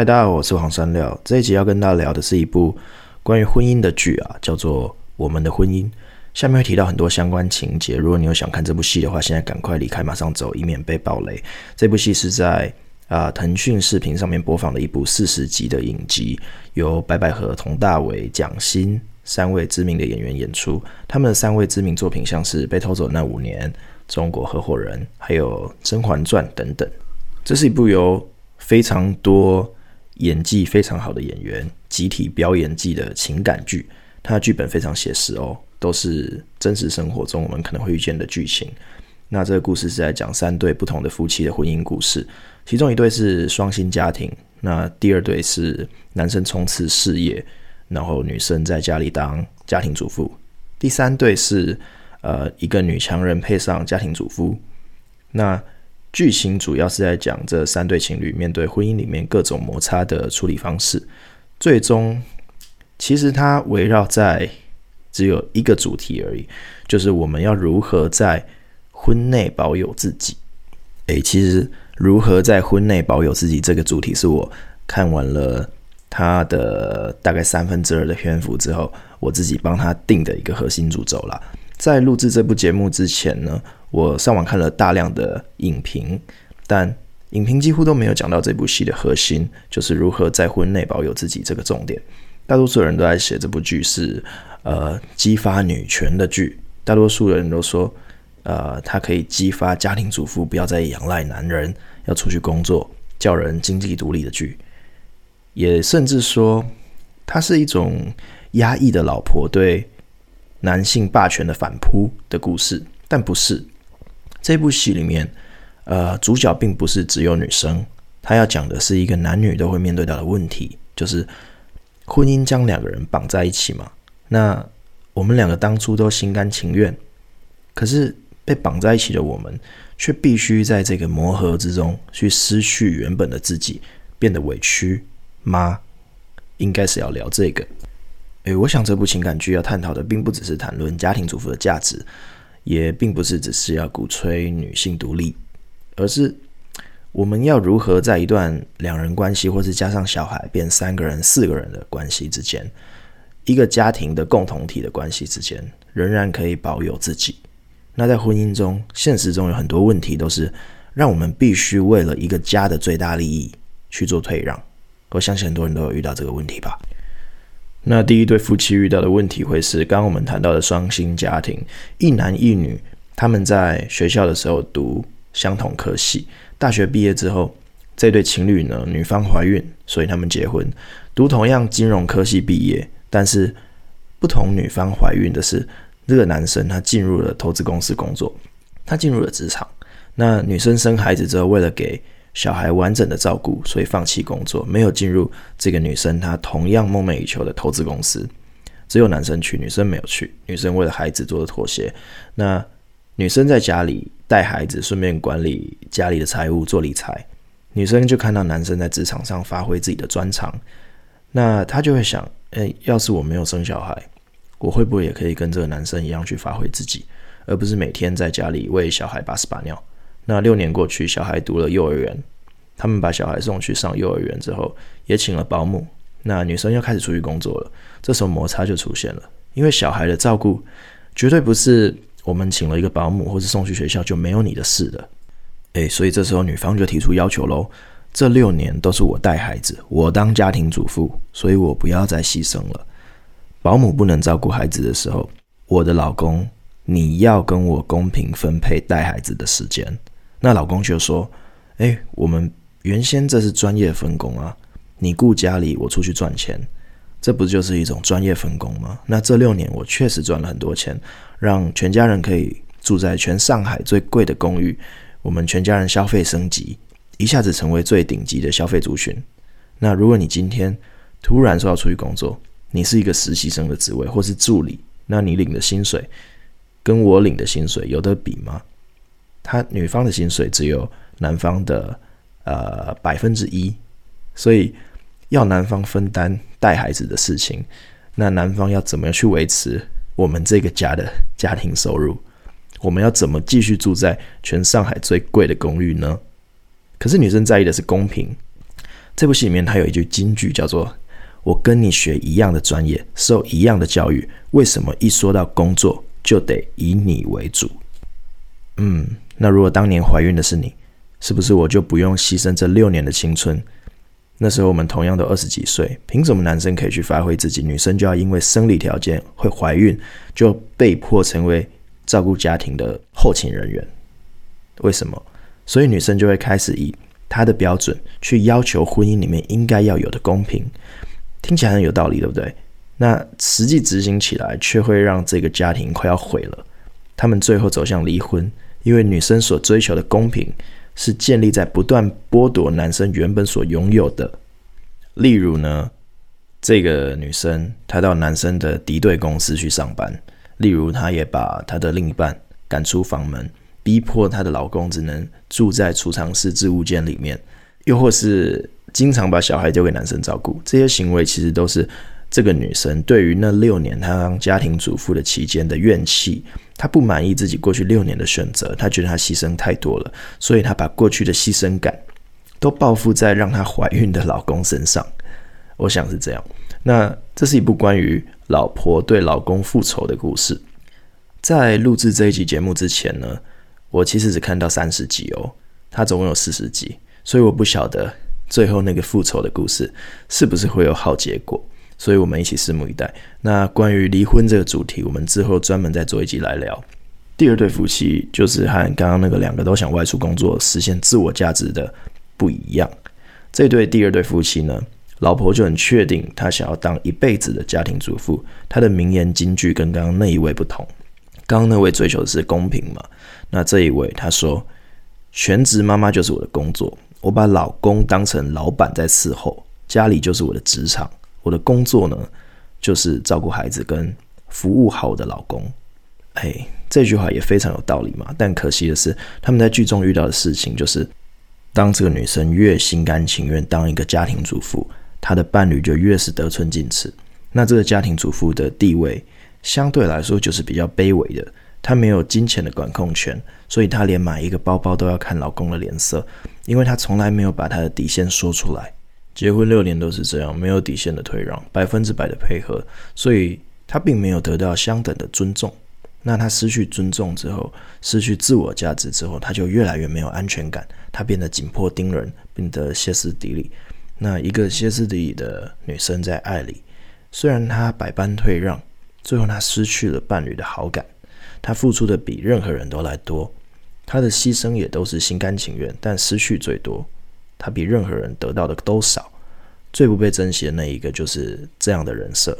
嗨，大家好，我是黃山料。這一集要跟大家聊的是一部關於婚姻的劇啊，叫做《我們的婚姻》。下面會提到很多相關情節，如果你有想看這部戲的話，現在趕快離開，馬上走，以免被爆雷。這部戲是在啊騰訊視頻上面播放的一部四十集的影集，由白百何、佟大為、蔣欣三位知名的演員演出。他們的三位知名作品像是《被偷走那五年》《中國合夥人》還有《甄嬛傳》等等。這是一部由非常多，演技非常好的演員集體飆演技的情感劇，它的劇本非常寫實哦，都是真實生活中我們可能會遇見的劇情。那這個故事是在講三對不同的夫妻的婚姻故事，其中一對是雙薪家庭，那第二對是男生衝刺事業，然後女生在家裡當家庭主婦，第三對是呃一個女強人配上家庭主夫，那。劇情主要是在講這三對情侶面對婚姻裡面各種摩擦的處理方式，最終其實它圍繞在只有一個主題而已，就是我們要如何在婚內保有自己。誒，其實如何在婚內保有自己這個主題，是我看完了他的大概三分之二的篇幅之後，我自己幫他定的一個核心主軸了。在錄制這部節目之前呢。我上網看了大量的影評，但影評幾乎都沒有講到這部戲的核心，就是如何在婚內保有自己這個重點。大多數人都在寫這部劇是，呃，激發女權的劇。大多數人都說，呃，它可以激發家庭主婦不要再仰賴男人，要出去工作，叫人經濟獨立的劇。也甚至說，它是一種壓抑的老婆對男性霸權的反撲的故事，但不是。這部戲裡面，呃，主角並不是只有女生，她要講的是一個男女都會面對到的問題，就是婚姻將兩個人綁在一起嘛。那我們兩個當初都心甘情願，可是被綁在一起的我們，卻必須在這個磨合之中去失去原本的自己，變得委屈嗎？應該是要聊這個。誒，我想這部情感劇要探討的，並不只是談論家庭主婦的價值。也並不是只是要鼓吹女性獨立，而是我們要如何在一段兩人關係，或是加上小孩變三個人、四個人的關係之間，一個家庭的共同體的關係之間，仍然可以保有自己。那在婚姻中，現實中有很多問題都是讓我們必須為了一個家的最大利益去做退讓。我相信很多人都有遇到這個問題吧。那第一對夫妻遇到的問題會是，剛剛我們談到的雙薪家庭，一男一女，他們在學校的時候讀相同科系，大學畢業之後，這對情侶呢，女方懷孕，所以他們結婚，讀同樣金融科系畢業，但是不同，女方懷孕的是這個男生，他進入了投資公司工作，他進入了職場，那女生生孩子之後，為了給。小孩完整的照顧，所以放棄工作，沒有進入這個女生她同樣夢寐以求的投資公司。只有男生去，女生沒有去。女生為了孩子做的妥協，那女生在家裡帶孩子，順便管理家裡的財務做理財。女生就看到男生在職場上發揮自己的專長，那她就會想，哎，要是我沒有生小孩，我會不會也可以跟這個男生一樣去發揮自己，而不是每天在家裡為小孩把屎把尿？那六年過去，小孩讀了幼兒園，他們把小孩送去上幼兒園之後，也請了保姆。那女生又開始出去工作了，這時候摩擦就出現了。因為小孩的照顧絕對不是我們請了一個保姆或者送去學校就沒有你的事的。誒，所以這時候女方就提出要求嘍：這六年都是我帶孩子，我當家庭主婦，所以我不要再犧牲了。保姆不能照顧孩子的時候，我的老公，你要跟我公平分配帶孩子的時間。那老公就說：“哎、欸，我們原先這是專業分工啊，你顧家裡，我出去賺錢，這不就是一種專業分工嗎？那這六年我確實賺了很多錢，讓全家人可以住在全上海最貴的公寓，我們全家人消費升級，一下子成為最頂級的消費族群。那如果你今天突然說要出去工作，你是一個實習生的職位或是助理，那你領的薪水跟我領的薪水有得比嗎？”他女方的薪水只有男方的呃百分之一，所以要男方分擔帶孩子的事情。那男方要怎麼樣去維持我們這個家的家庭收入？我們要怎麼繼續住在全上海最貴的公寓呢？可是女生在意的是公平。這部戲裡面，他有一句金句，叫做“我跟你學一樣的專業，受一樣的教育，為什麼一說到工作就得以你為主？”嗯。那如果當年懷孕的是你，是不是我就不用犧牲這六年的青春？那時候我們同樣都二十幾歲，憑什麼男生可以去發揮自己？女生就要因為生理條件會懷孕，就被迫成為照顧家庭的後勤人員？為什麼？所以女生就會開始以她的標準去要求婚姻裡面應該要有的公平，聽起來很有道理，對不對？那實際執行起來卻會讓這個家庭快要毀了，他們最後走向離婚。因為女生所追求的公平，是建立在不斷剝奪男生原本所擁有的。例如呢，這個女生她到男生的敵對公司去上班；例如，她也把她的另一半趕出房門，逼迫她的老公只能住在儲藏室、置物間裡面；又或是經常把小孩丟給男生照顧。這些行為其實都是這個女生對於那六年她當家庭主婦的期間的怨氣。她不滿意自己過去六年的選擇，她覺得她犧牲太多了，所以她把過去的犧牲感都報復在讓她懷孕的老公身上。我想是這樣。那這是一部關於老婆對老公復仇的故事。在錄制這一集節目之前呢，我其實只看到三十集哦，它總共有四十集，所以我不曉得最後那個復仇的故事是不是會有好結果。所以我們一起拭目以待。那關於離婚這個主題，我們之後專門再做一集來聊。第二對夫妻就是和剛剛那個兩個都想外出工作、實現自我價值的不一樣。這對第二對夫妻呢，老婆就很確定她想要當一輩子的家庭主婦。她的名言金句跟剛剛那一位不同。剛剛那位追求的是公平嘛。那這一位她說：“全職媽媽就是我的工作，我把老公當成老板在伺候，家裡就是我的職場。”我的工作呢，就是照顧孩子跟服務好我的老公。哎，這句話也非常有道理嘛。但可惜的是，他們在劇中遇到的事情就是，當這個女生越心甘情願當一個家庭主婦，她的伴侶就越是得寸進尺。那這個家庭主婦的地位相對來說就是比較卑微的，她沒有金錢的管控權，所以她連買一個包包都要看老公的臉色，因為她從來沒有把她的底線說出來。結婚六年都是這樣，沒有底線的退讓，百分之百的配合，所以他並沒有得到相等的尊重。那他失去尊重之後，失去自我價值之後，他就越來越沒有安全感，他變得緊迫盯人，變得歇斯底里。那一個歇斯底里的女生在愛裡，雖然她百般退讓，最後她失去了伴侶的好感，她付出的比任何人都來多，她的犧牲也都是心甘情願，但失去最多。他比任何人得到的都少，最不被珍惜的那一個就是這樣的人設。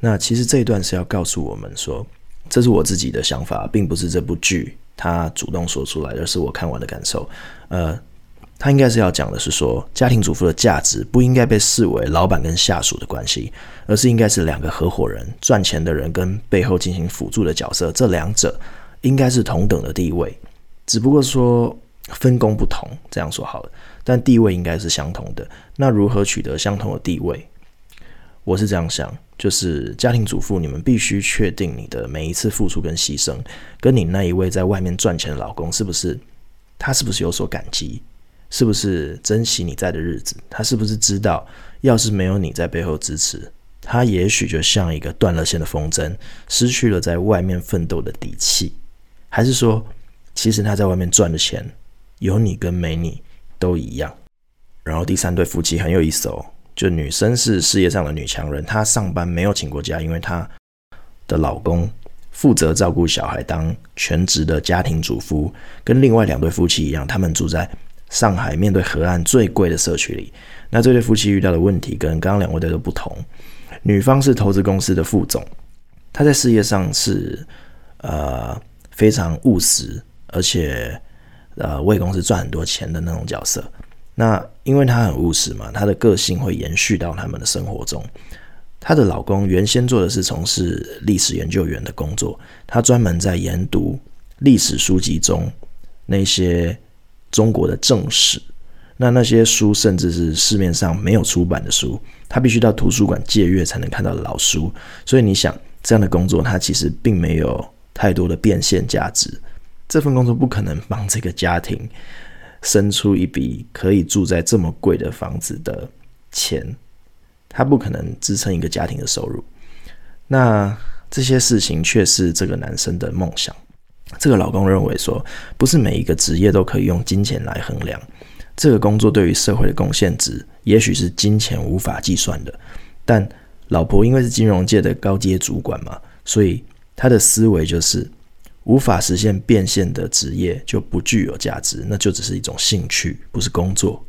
那其實，這一段是要告訴我們說，這是我自己的想法，並不是這部劇他主動說出來，而是我看完的感受。呃，他應該是要講的是說，家庭主婦的價值不應該被視為老闆跟下屬的關係，而是應該是兩個合夥人，賺錢的人跟背後進行輔助的角色，這兩者應該是同等的地位。只不過說，分工不同，這樣說好了，但地位應該是相同的。那如何取得相同的地位？我是這樣想，就是家庭主婦，你們必須確定你的每一次付出跟犧牲，跟你那一位在外面賺錢的老公，是不是他是不是有所感激？是不是珍惜你在的日子？他是不是知道，要是沒有你在背後支持，他也許就像一個斷了線的風箏，失去了在外面奮鬥的底氣？還是說，其實他在外面賺的錢，有你跟沒你都一樣。然後第三對夫妻很有意思哦，就女生是事業上的女強人，她上班沒有請過假，因為她的老公負責照顧小孩，當全職的家庭主夫。跟另外兩對夫妻一樣，他們住在上海面對河岸最貴的社區裡。那這對夫妻遇到的問題跟剛剛兩位的都不同。女方是投資公司的副總，她在事業上是呃非常務實，而且。呃，為公司賺很多錢的那種角色。那因為她很務實嘛，她的個性會延續到他們的生活中。她的老公原先做的是從事歷史研究員的工作，他專門在研讀歷史書籍中那些中國的正史。那那些書甚至是市面上沒有出版的書，他必須到圖書館借閱才能看到的老書。所以你想，這樣的工作，它其實並沒有太多的變現價值。這份工作不可能幫這個家庭生出一筆可以住在這麼貴的房子的錢，他不可能支撐一個家庭的收入。那這些事情卻是這個男生的夢想。這個老公認為說，不是每一個職業都可以用金錢來衡量。這個工作對於社會的貢獻值，也許是金錢無法計算的。但老婆因為是金融界的高階主管嘛，所以他的思維就是。無法實現變現的職業就不具有價值，那就只是一種興趣，不是工作。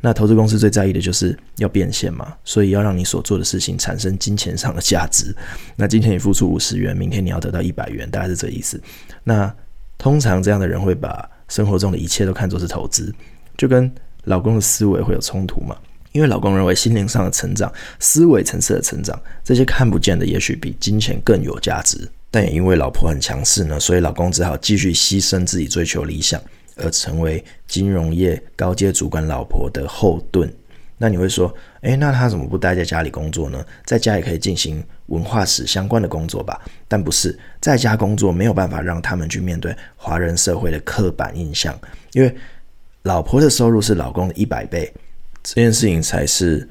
那投資公司最在意的就是要變現嘛，所以要讓你所做的事情產生金錢上的價值。那今天你付出五十元，明天你要得到一百元，大概是這個意思。那通常這樣的人會把生活中的一切都看作是投資，就跟老公的思維會有衝突嘛。因為老公認為心靈上的成長、思維層次的成長，這些看不見的，也許比金錢更有價值。但也因為老婆很強勢呢，所以老公只好繼續犧牲自己追求理想，而成為金融業高階主管老婆的後盾。那你會說，哎，那他怎麼不待在家裡工作呢？在家也可以進行文化史相關的工作吧？但不是在家工作沒有辦法讓他們去面對華人社會的刻板印象，因為老婆的收入是老公的一百倍，這件事情才是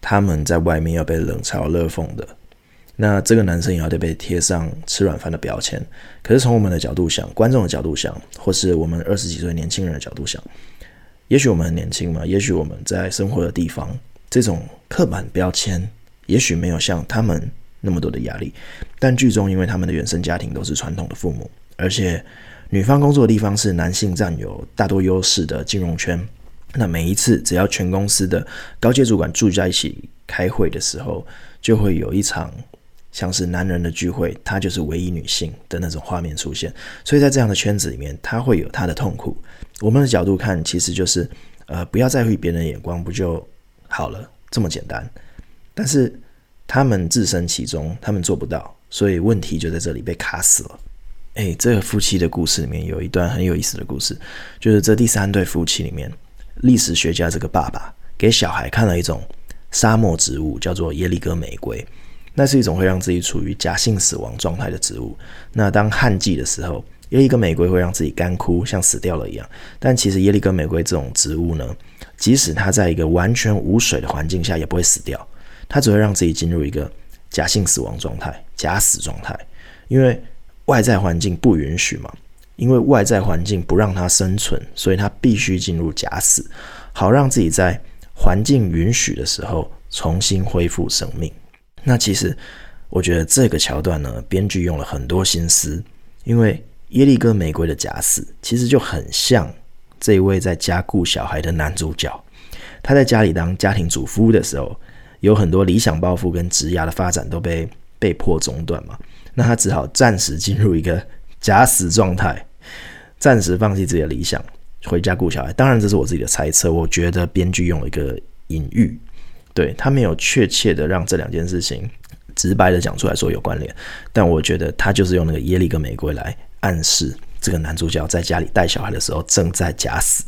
他們在外面要被冷嘲熱諷的。那這個男生也要得被貼上吃軟飯的標籤，可是從我們的角度想，觀眾的角度想，或是我們二十幾歲年輕人的角度想，也許我們很年輕嘛，也許我們在生活的地方這種刻板標籤，也許沒有像他們那麼多的壓力。但劇中因為他們的原生家庭都是傳統的父母，而且女方工作的地方是男性佔有大多優勢的金融圈，那每一次只要全公司的高階主管聚在一起開會的時候，就會有一場。像是男人的聚會，他就是唯一女性的那種畫面出現，所以在這樣的圈子裡面，他會有他的痛苦。我們的角度看，其實就是，呃，不要在乎別人的眼光，不就好了，這麼簡單。但是他們置身其中，他們做不到，所以問題就在這裡被卡死了。誒，這個夫妻的故事裡面有一段很有意思的故事，就是這第三對夫妻裡面，歷史學家這個爸爸給小孩看了一種沙漠植物，叫做耶利哥玫瑰。那是一種會讓自己處於假性死亡狀態的植物。那當旱季的時候，耶利哥玫瑰會讓自己乾枯，像死掉了一樣。但其實耶利哥玫瑰這種植物呢，即使它在一個完全無水的環境下也不會死掉，它只會讓自己進入一個假性死亡狀態、假死狀態，因為外在環境不允許嘛。因為外在環境不讓它生存，所以它必須進入假死，好讓自己在環境允許的時候重新恢復生命。那其實，我覺得這個橋段呢，編劇用了很多心思，因為耶利哥玫瑰的假死，其實就很像這一位在家顧小孩的男主角，他在家裡當家庭主夫的時候，有很多理想抱負跟職業的發展都被被迫中斷嘛，那他只好暫時進入一個假死狀態，暫時放棄自己的理想，回家顧小孩。當然，這是我自己的猜測，我覺得編劇用了一個隱喻。對，他沒有確切的讓這兩件事情直白的講出來，說有關聯。但我覺得他就是用那個耶利哥玫瑰來暗示，這個男主角在家裡帶小孩的時候正在假死，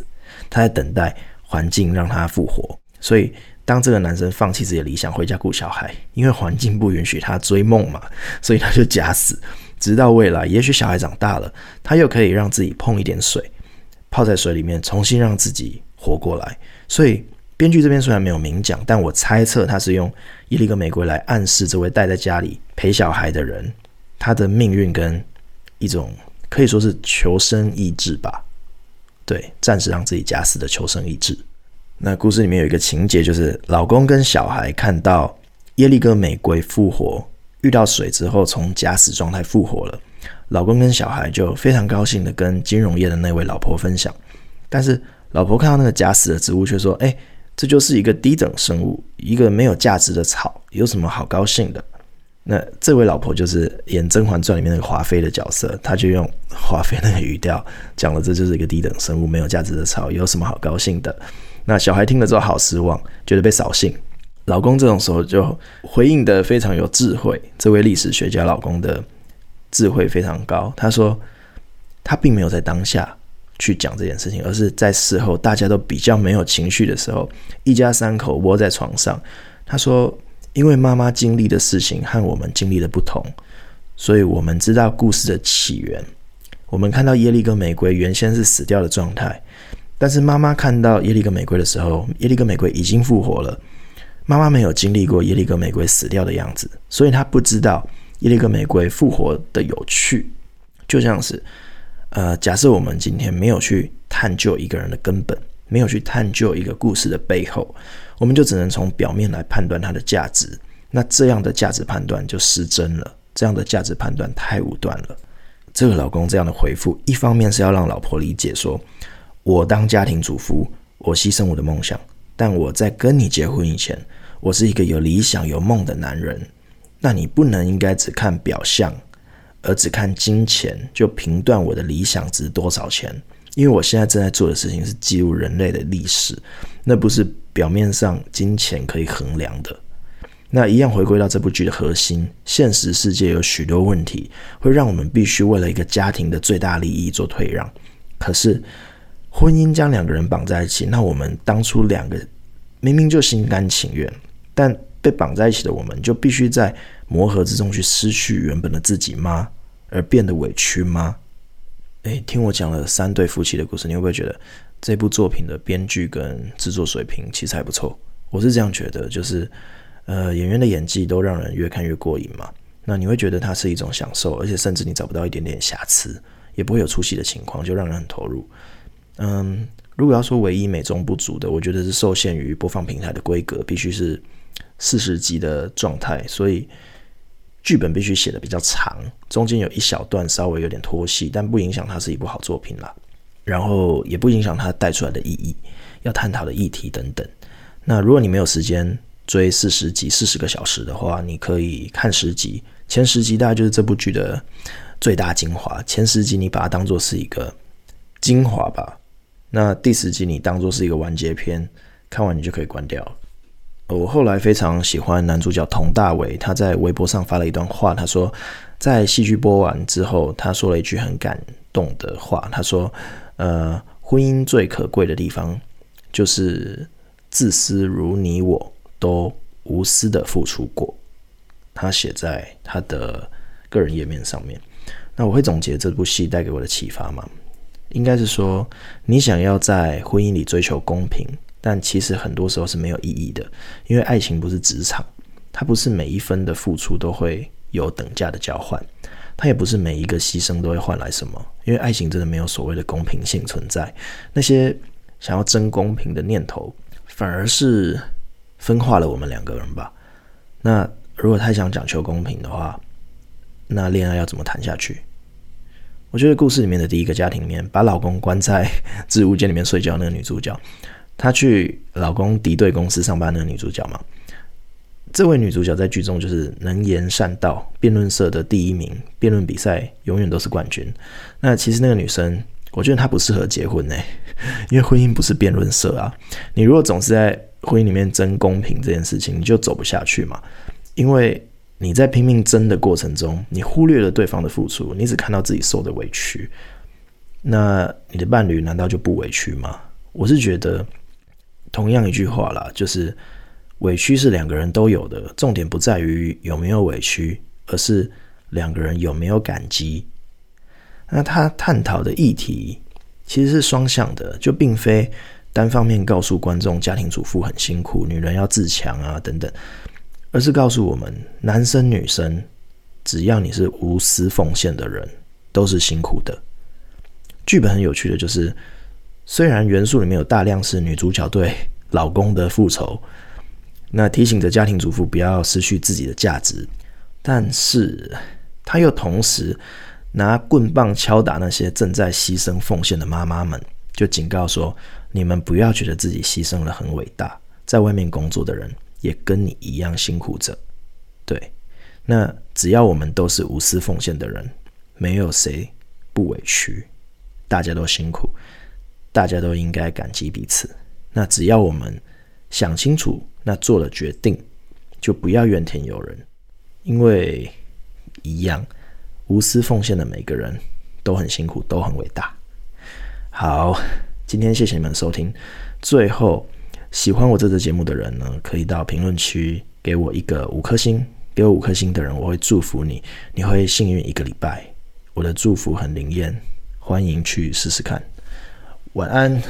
他在等待環境讓他復活。所以當這個男生放棄自己的理想回家顧小孩，因為環境不允許他追夢嘛，所以他就假死，直到未來，也許小孩長大了，他又可以讓自己碰一點水，泡在水裡面，重新讓自己活過來。所以。編劇這邊雖然沒有明講，但我猜測他是用耶利哥玫瑰來暗示這位待在家裡陪小孩的人，他的命運跟一種可以說是求生意志吧，對，暫時讓自己假死的求生意志。那故事裡面有一個情節，就是老公跟小孩看到耶利哥玫瑰復活，遇到水之後從假死狀態復活了，老公跟小孩就非常高興地跟金融業的那位老婆分享，但是老婆看到那個假死的植物，卻說：“誒、欸……這就是一個低等生物，一個沒有價值的草，有什麼好高興的？那這位老婆就是演《甄嬛傳》裡面那個華妃的角色，她就用華妃那個語調講了：這就是一個低等生物，沒有價值的草，有什麼好高興的？那小孩聽了之後好失望，覺得被掃興。老公這種時候就回應得非常有智慧，這位歷史學家老公的智慧非常高，他說他並沒有在當下。去講這件事情，而是在事後大家都比較沒有情緒的時候，一家三口窩在床上。他說：“因為媽媽經歷的事情和我們經歷的不同，所以我們知道故事的起源。我們看到耶利哥玫瑰原先是死掉的狀態，但是媽媽看到耶利哥玫瑰的時候，耶利哥玫瑰已經復活了。媽媽沒有經歷過耶利哥玫瑰死掉的樣子，所以她不知道耶利哥玫瑰復活的有趣，就像是。呃，假設我們今天沒有去探究一個人的根本，沒有去探究一個故事的背後，我們就只能從表面來判斷他的價值。那這樣的價值判斷就失真了，這樣的價值判斷太武斷了。這個老公這樣的回復，一方面是要讓老婆理解說，說我當家庭主夫，我犧牲我的夢想，但我在跟你結婚以前，我是一個有理想有夢的男人。那你不能應該只看表象。而只看金錢就評斷我的理想值多少錢，因為我現在正在做的事情是記錄人類的歷史，那不是表面上金錢可以衡量的。那一樣回歸到這部劇的核心，現實世界有許多問題會讓我們必須為了一個家庭的最大利益做退讓。可是婚姻將兩個人綁在一起，那我們當初兩個明明就心甘情願，但……被綁在一起的我們，就必須在磨合之中去失去原本的自己嗎？而變得委屈嗎？誒、欸，聽我講了三對夫妻的故事，你會不會覺得這部作品的編劇跟制作水平其實還不錯？我是這樣覺得，就是呃，演員的演技都讓人越看越過癮嘛。那你會覺得它是一種享受，而且甚至你找不到一點點瑕疵，也不會有出戲的情況，就讓人很投入。嗯，如果要說唯一美中不足的，我覺得是受限於播放平台的規格，必須是。四十集的狀態，所以劇本必須寫的比較長，中間有一小段稍微有點拖戲，但不影響它是一部好作品啦，然後也不影響它帶出來的意義、要探討的議題等等。那如果你沒有時間追四十集、四十個小時的話，你可以看十集，前十集大概就是這部劇的最大精華，前十集你把它當做是一個精華吧，那第十集你當做是一個完結篇，看完你就可以關掉了。我後來非常喜歡男主角佟大為，他在微博上發了一段話，他說，在戲劇播完之後，他說了一句很感動的話，他說：“呃，婚姻最可貴的地方，就是自私如你我都無私的付出過。”他寫在他的個人頁面上面。那我會總結這部戲帶給我的啟發嗎？應該是說，你想要在婚姻裡追求公平。但其實很多時候是沒有意義的，因為愛情不是職場，它不是每一分的付出都會有等價的交換，它也不是每一個犧牲都會換來什麼，因為愛情真的沒有所謂的公平性存在。那些想要爭公平的念頭，反而是分化了我們兩個人吧。那如果太想講求公平的話，那戀愛要怎麼談下去？我覺得故事裡面的第一個家庭裡面，把老公關在置物間裡面睡覺的那個女主角。她去老公敵對公司上班的女主角嘛？這位女主角在劇中就是能言善道，辯論社的第一名，辯論比賽永遠都是冠軍。那其實那個女生，我覺得她不適合結婚哎、欸，因為婚姻不是辯論社啊。你如果總是在婚姻裡面爭公平這件事情，你就走不下去嘛。因為你在拼命爭的過程中，你忽略了對方的付出，你只看到自己受的委屈。那你的伴侶難道就不委屈嗎？我是覺得。同樣一句話啦，就是委屈是兩個人都有的，重點不在於有沒有委屈，而是兩個人有沒有感激。那他探討的議題其實是雙向的，就並非單方面告訴觀眾家庭主婦很辛苦，女人要自強啊等等，而是告訴我們男生女生，只要你是無私奉獻的人，都是辛苦的。劇本很有趣的就是。雖然元素裡面有大量是女主角對老公的復仇，那提醒着家庭主婦不要失去自己的價值，但是她又同時拿棍棒敲打那些正在犧牲奉獻的媽媽們，就警告說：你們不要覺得自己犧牲了很偉大，在外面工作的人也跟你一樣辛苦着。對，那只要我們都是無私奉獻的人，沒有誰不委屈，大家都辛苦。大家都應該感激彼此。那只要我們想清楚，那做了決定，就不要怨天尤人。因為一樣無私奉獻的每個人都很辛苦，都很偉大。好，今天謝謝你們收聽。最後，喜歡我這次節目的人呢，可以到評論區給我一個五顆星。給我五顆星的人，我會祝福你，你會幸運一個禮拜。我的祝福很靈驗，歡迎去試試看。晚安。